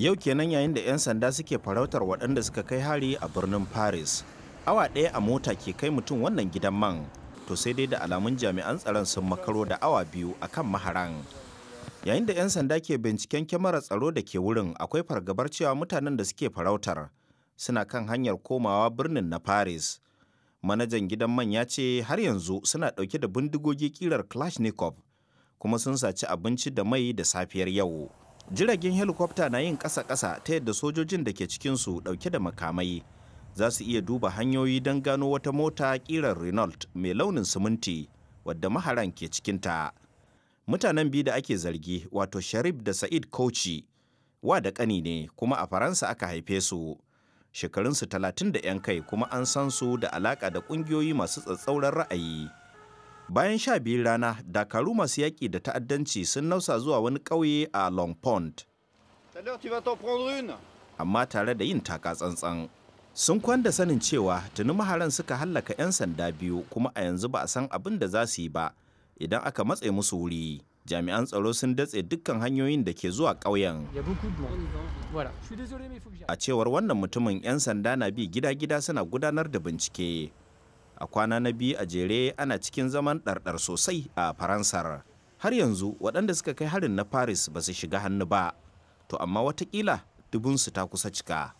yau kenan yayin da 'yan sanda suke farautar waɗanda suka kai hari a birnin paris awa ɗaya a mota ke kai mutum wannan gidan man to sai dai da alamun jami'an tsaron sun makaro da awa biyu a kan maharan yayin da 'yan sanda ke binciken kyamarar tsaro da ke wurin akwai fargabar cewa mutanen da suke farautar suna kan hanyar komawa birnin na paris manajan gidan man ya ce har yanzu suna ɗauke da bindigogi kirar kalashnikov kuma sun saci abinci da mai da safiyar yau jiragen helikwafta na yin ƙasa-ƙasa ta yadda sojojin da ke cikinsu ɗauke da makamai za su iya duba hanyoyi don gano wata mota ƙirar renault mai launin siminti wadda maharan ke cikinta mutanen biyu da ake zargi wato sharif da sa'id koci wa da ƙani ne kuma a faransa aka haife su shekarunsu talatin da 'yan kai kuma an san su da alaƙa da ƙungiyoyi masu tsatsauran ra'ayi bayan sha biyun rana dakaru masu yaƙi da ta'addanci sun nausa zuwa wani ƙauye a long pond amma tare da yin taka tsantsan sun kwanda sanin cewa tuni maharan suka hallaka 'yan sanda biyu kuma a yanzu ba a san abin da za su yi ba idan aka matse musu wuri jami'an tsaro sun datse dukkan hanyoyin da ke zuwa ƙauyen a cewar wannan mutumin 'yan sanda na bi gida-gida suna gudanar da bincike a kwana na biyu a jere ana cikin zaman ɗarɗar sosai a faransar har yanzu waɗanda suka kai harin na paris ba su shiga hannu ba to amma watakila dubunsu ta kusa cika